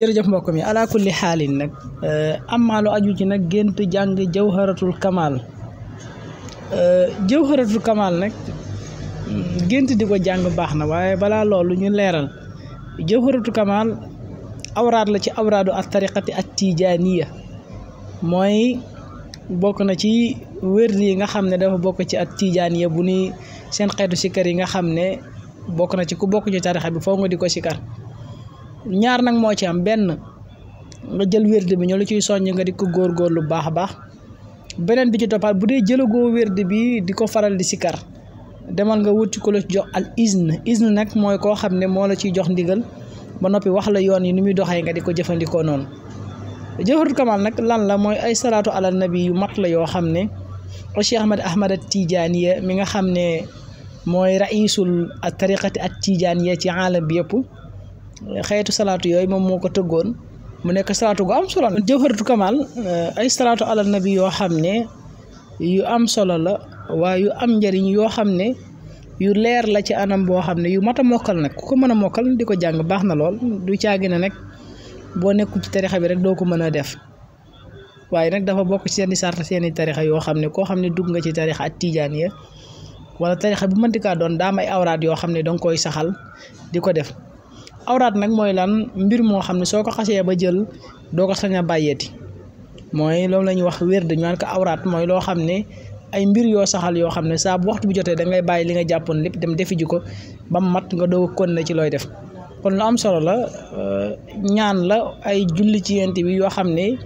jerejeuf mbokum yi ala kulli halin, nag eh, amaa lu aju ci nak gentu jang jawharatul kamal eh, jawharatul kamal nak gentu diko jang baxna waye na lolou ñu leral jawharatul kamal awrad la ci awradu at tariqati at tijaniya moy bok na ci wérdi yi nga xamne dafa bok ci at tijaniya bu ni seen xeetu sikar yi nga xamne bok na ci ku bok ci tarixa bi fo nga diko ñaar nag moo ci am benn nga jël wérde bi ñoo la ciy soññ nga di ko góorgóor lu baax a baax beneen bi ci toppaat bu dee jëlagoo wérde bi di ko faral di sikar demal nga wuti ko la jox al izn izn nag mooy koo xam ne moo la ciy jox ndigal ba noppi wax la yoon yi ni muy doxee nga di ko jëfandikoo noonu jawharatul kamal nag lan la mooy ay salaatu ala nabi yu mat la yoo xam ne Cheikh Ahmad Ahmad tiijaan Tijaaniya mi nga xam ne mooy raisul at tariqati tiijaan Tijaaniya ci aalam bi yëpp xeetu salaatu yooyu moom moo ko tëggoon mu nekk salaatu gu am solo la. jawharatu kamal eh, ay salaatu ala nabi yoo xam ne yu am solo la waaye yu am njëriñ yoo xam ne yu leer la ci anam boo xam ne yu mat a mokkal nag ku ko mën a mokkal di ko jàng baax na lool du caagi na nag boo nekkul ci tarixa bi rek doo ko mën a def. waaye nag dafa bokk ci seen i sart seen i tarixa yoo xam ne koo xam ne dugg nga ci tarixa ak tiijaan ya wala tarixa bu mënti kaa doon daa ay awraat yoo xam ne danga koy saxal di ko def awraat nag mooy lan mbir moo xam ne soo ko xasee ba jël doo ko sañ a bàyyeeti mooy loolu la ñuy wax wér dañu naan ko awraat mooy loo xam ne ay mbir yoo saxal yoo xam ne saa waxtu bu jotee da ngay bàyyi li nga jàppoon lépp dem defi ji ko ba mat nga doog kon na ci looy def kon lu am solo la euh, ñaan la ay julli ci yent bi yoo xam ne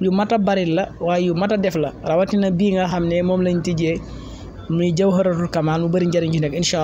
yu mat a bari la waaye yu mat a def la rawatina bii nga xam ne moom lañ tijjee muy jawharatul kamal mu bëri njëriñ ci nekk